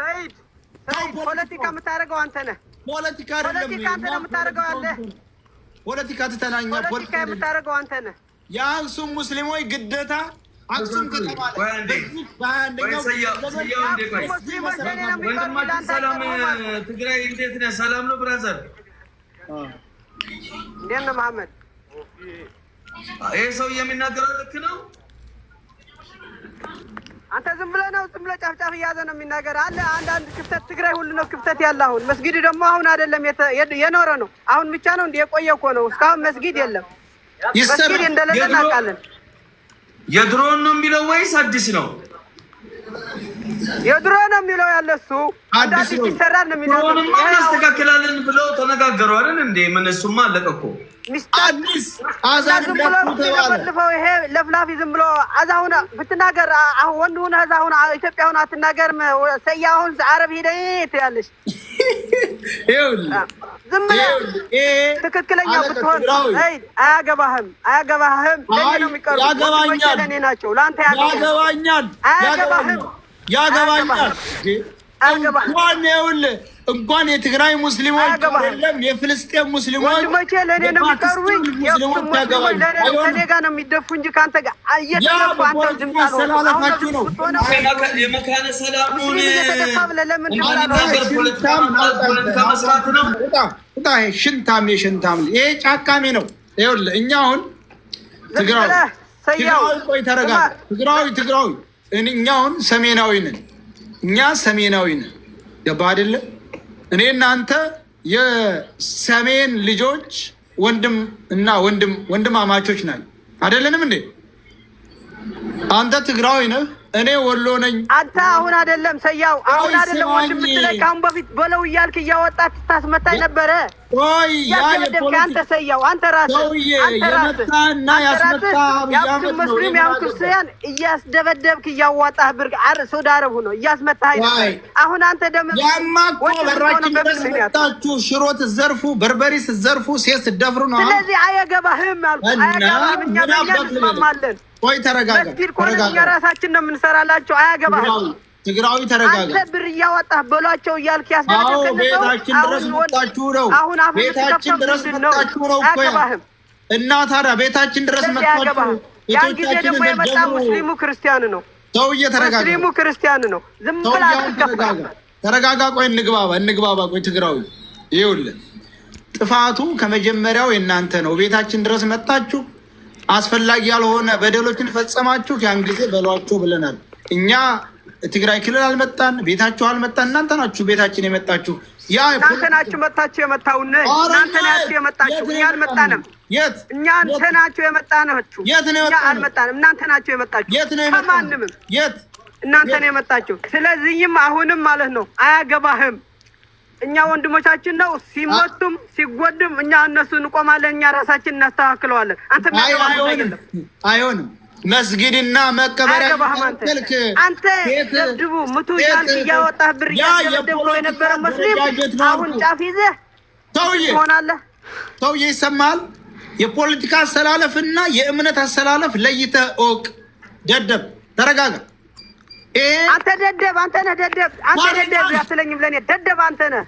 ሰይድ ፖለቲካ የምታደርገው አንተ ነህ። ፖለቲካ ፖለቲካ አንተ ነው የምታደርገው አለ ፖለቲካ ትተናኛ ፖለቲካ የምታደርገው አንተ ነህ። የአክሱም ሙስሊሞች ግደታ አክሱም ትግራይ እንዴት ነህ? ሰላም ነው ብራዘር፣ እንዴት ነህ መሐመድ? ይህ ሰው የሚናገረው ልክ ነው። አንተ ዝም ብለህ ነው ዝም ብለህ ጫፍጫፍ እያዘ ነው የሚናገር አለ። አንዳንድ ክፍተት ትግራይ ሁሉ ነው ክፍተት ያለ። አሁን መስጊድ ደግሞ አሁን አይደለም የኖረ ነው አሁን ብቻ ነው እንዲ የቆየ እኮ ነው። እስካሁን መስጊድ የለም። መስጊድ እንደሌለ እናውቃለን። የድሮን ነው የሚለው ወይስ አዲስ ነው? የድሮ ነው የሚለው ያለ እሱ አዲስ ሲሰራ ነው የሚለው ያስተካክላለን ብለው ተነጋገሩ አይደል እንዴ? ምን እሱማ አለቀ እኮ አዲስ አዛልፈው ይሄ ለፍላፊ ዝም ብሎ አዛ ሁነ ብትናገር ወንድ ሁነ እዛ ሁነ ኢትዮጵያ ሁነ አትናገርም። ሰያ አሁን አረብ ሄደ ትያለሽ። ዝም ትክክለኛ ብትሆን አያገባህም፣ አያገባህም ነው የሚቀሩ ያገባኛል ናቸው ለአንተ ያገባኛል አያገባህም ያገባኛል። እንኳን ይኸውልህ እንኳን የትግራይ ሙስሊሞች አይደለም የፍልስጤን ሙስሊሞች ለእኔ ነው የሚቀርቡኝ? ሙስሊሞች ያገባኛል። ከእኔ ነው የሚደፉ እንጂ ከአንተ ጋር እየተደፉ ነው ሽንታም የሽንታም ይሄ ጫካሜ ነው። ይኸውልህ እኛ አሁን ትግራዊ ትግራዊ ትግራዊ እኛውን ሰሜናዊ ነን። እኛ ሰሜናዊ ነን። ገባ አይደለ? እኔ እናንተ የሰሜን ልጆች ወንድም እና ወንድም አማቾች ናቸው። አይደለንም እንዴ? አንተ ትግራዊ ነህ እኔ ወሎ ነኝ። አንተ አሁን አይደለም ሰያው፣ አሁን አይደለም ወንድም የምትለኝ አሁን በፊት በለው እያልክ እያወጣ ታስመታኝ ነበረ። ቆይ አንተ ሰያው፣ አንተ ራስህ የመታና ያስመታ ያብቱን ክርስቲያን እያስደበደብክ እያዋጣህ ብር አር ሳውዲ አረብ ሆኖ እያስመታህ አሁን አንተ ደግሞ ያማቆ በራችን በምስጣችሁ ሽሮ ስትዘርፉ፣ በርበሬ ስትዘርፉ፣ ሴት ስትደፍሩ ነው። ስለዚህ አየገባህም አልኩ። አያገባህም እኛ ነው እኛ እንስማማለን ቆይ ተረጋጋ። መስጊድ ኮሌጅ የራሳችን ነው የምንሰራላቸው። አያገባህም። ትግራዊ ተረጋጋ። አንተ ብር እያወጣህ በሏቸው እያልክ ያስደረገው ቤታችን ድረስ መጣችሁ ነው። አሁን አሁን ቤታችን ድረስ መጣችሁ ነው እኮ እና ታዲያ ቤታችን ድረስ መጣችሁ። ያን ጊዜ ደግሞ የመጣ ሙስሊሙ ክርስቲያን ነው። ሰውዬ ተረጋጋ። ሙስሊሙ ክርስቲያን ነው። ዝም ብላ ተረጋጋ፣ ተረጋጋ። ቆይ እንግባባ፣ እንግባባ። ቆይ ትግራዊ ይኸውልህ፣ ጥፋቱ ከመጀመሪያው የእናንተ ነው። ቤታችን ድረስ መጣችሁ አስፈላጊ ያልሆነ በደሎችን ፈጸማችሁ ያን ጊዜ በሏችሁ ብለናል። እኛ ትግራይ ክልል አልመጣን፣ ቤታችሁ አልመጣን። እናንተ ናችሁ ቤታችን የመጣችሁ፣ እናንተ ናችሁ መታችሁ የመታውን፣ እናንተ ናችሁ የመጣችሁ። እኛ አልመጣንም። የት እናንተ ናችሁ የመጣናችሁ? የት ነው የመጣ አልመጣንም። እናንተ ናችሁ የመጣችሁ። የት ነው የመጣ ማንንም? የት እናንተ ነው የመጣችሁ። ስለዚህም አሁንም ማለት ነው አያገባህም እኛ ወንድሞቻችን ነው ሲመቱም ሲጎድም እኛ እነሱ እንቆማለን፣ እኛ ራሳችን እናስተካክለዋለን። አንተ አይሆንም። መስጊድና መቀበሪያ ልክ አንተ ደብድቡ ምቱ ያልክ እያወጣህ ብር እያደብሎ የነበረ መስሊም አሁን ጫፍ ይዘህ ሰውዬ ሆናለህ። ሰውዬ ይሰማሃል። የፖለቲካ አሰላለፍና የእምነት አሰላለፍ ለይተህ እወቅ። ደደብ ተረጋጋ። አንተ ደደብ አንተ ነህ ደደብ አንተ ደደብ አትለኝም። ለእኔ ደደብ አንተ ነህ።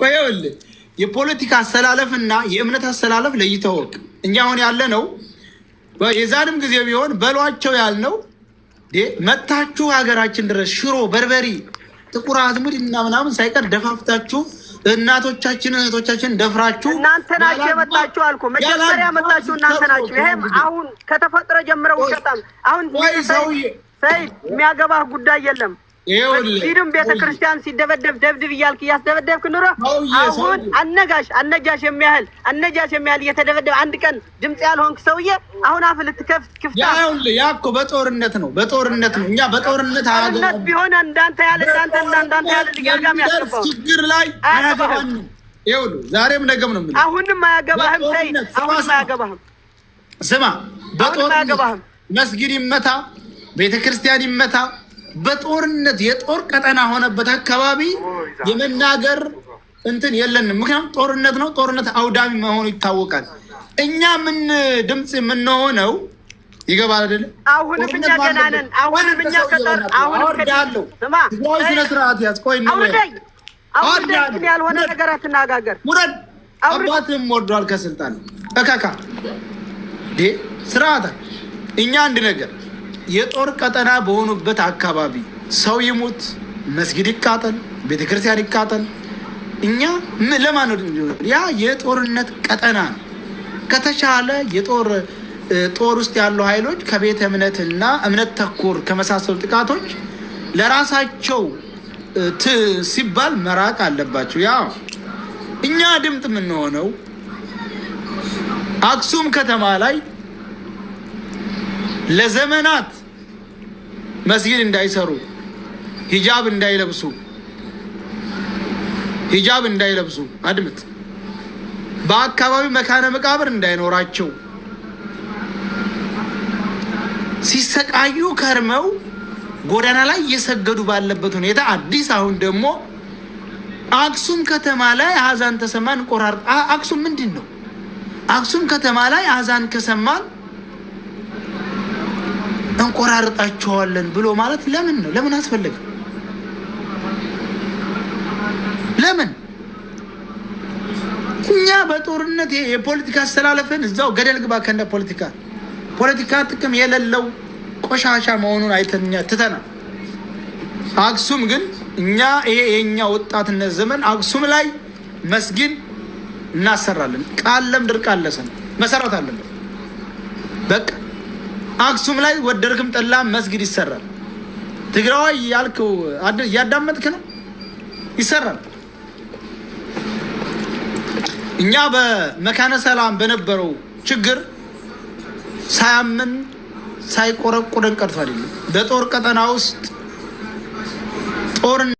ቆይ ይኸውልህ የፖለቲካ አሰላለፍ እና የእምነት አሰላለፍ ለይተወቅ እኛ አሁን ያለ ነው። የዛንም ጊዜ ቢሆን በሏቸው ያልነው መታችሁ ሀገራችን ድረስ ሽሮ በርበሪ፣ ጥቁር አዝሙድ እና ምናምን ሳይቀር ደፋፍታችሁ እናቶቻችን እህቶቻችን ደፍራችሁ እናንተ ናችሁ የመጣችሁ አልኩ። መጀመሪያ መጣችሁ እናንተ ናችሁ። ይሄም አሁን ከተፈጥሮ ጀምረው ውሸታም አሁን ሰውዬ ሰይድ የሚያገባህ ጉዳይ የለም። ሲድም ቤተ ክርስቲያን ሲደበደብ ደብድብ እያልክ እያስደበደብክ ኑሮ አሁን አነጋሽ አነጃሽ የሚያህል አነጃሽ የሚያህል እየተደበደብ አንድ ቀን ድምፅ ያልሆንክ ሰውዬ አሁን አፍ ልትከፍት ክፍታ ያ እኮ በጦርነት ነው፣ በጦርነት ነው። እኛ በጦርነት ጦርነት ቢሆን እንዳንተ ያለ እንዳንተ እንዳንተ ያለ ሊጋጋም ያስገባው ችግር ላይ አያገባህም። ይኸውልህ ዛሬም ነገም ነው የምልህ። አሁንም አያገባህም ሰይድ፣ አሁንም አያገባህም። ስማ በጦርነት መስጊድ ይመታ ቤተ ክርስቲያን ይመታ፣ በጦርነት የጦር ቀጠና ሆነበት አካባቢ የመናገር እንትን የለንም። ምክንያቱም ጦርነት ነው። ጦርነት አውዳሚ መሆኑ ይታወቃል። እኛ ምን ድምፅ የምንሆነው ይገባል አይደለ? አሁንም እኛ ገና ነን። አሁንም እኛ ከጠር አሁንም ከዳለው ስነ ስርዓት ያዝ። ቆይ ያልሆነ ነገር አትናጋገር። ሙረድ አባትም ወርዷል ከስልጣን እካካ ስርዓት እኛ አንድ ነገር የጦር ቀጠና በሆኑበት አካባቢ ሰው ይሙት፣ መስጊድ ይቃጠል፣ ቤተክርስቲያን ይቃጠል፣ እኛ ለማን ያ የጦርነት ቀጠና ነው። ከተሻለ የጦር ጦር ውስጥ ያሉ ኃይሎች ከቤተ እምነትና እምነት ተኮር ከመሳሰሉ ጥቃቶች ለራሳቸው ሲባል መራቅ አለባቸው። ያ እኛ ድምፅ የምንሆነው አክሱም ከተማ ላይ ለዘመናት መስጊድ እንዳይሰሩ ሂጃብ እንዳይለብሱ ሂጃብ እንዳይለብሱ አድምጥ፣ በአካባቢው መካነ መቃብር እንዳይኖራቸው ሲሰቃዩ ከርመው ጎዳና ላይ እየሰገዱ ባለበት ሁኔታ አዲስ አሁን ደግሞ አክሱም ከተማ ላይ አዛን ተሰማን ቆራር አክሱም ምንድን ነው? አክሱም ከተማ ላይ አዛን ከሰማን እንቆራርጣቸዋለን ብሎ ማለት ለምን ነው? ለምን አስፈለገ? ለምን እኛ በጦርነት የፖለቲካ አስተላለፍን እዛው ገደል ግባ ከነ ፖለቲካ ፖለቲካ ጥቅም የሌለው ቆሻሻ መሆኑን አይተኛ ትተና አክሱም ግን እኛ ይሄ የኛ ወጣትነት ዘመን አክሱም ላይ መስጊድ እናሰራለን። ቃለም ድርቅ አለሰን መሰረት አለበት በቃ አክሱም ላይ ወደርክም ጠላ መስጊድ ይሰራል። ትግራዋይ ያልከው እያዳመጥክ ነው። ይሰራል። እኛ በመካነ ሰላም በነበረው ችግር ሳያምን ሳይቆረቁረን ቀርቶ አይደለም። በጦር ቀጠና ውስጥ ጦርን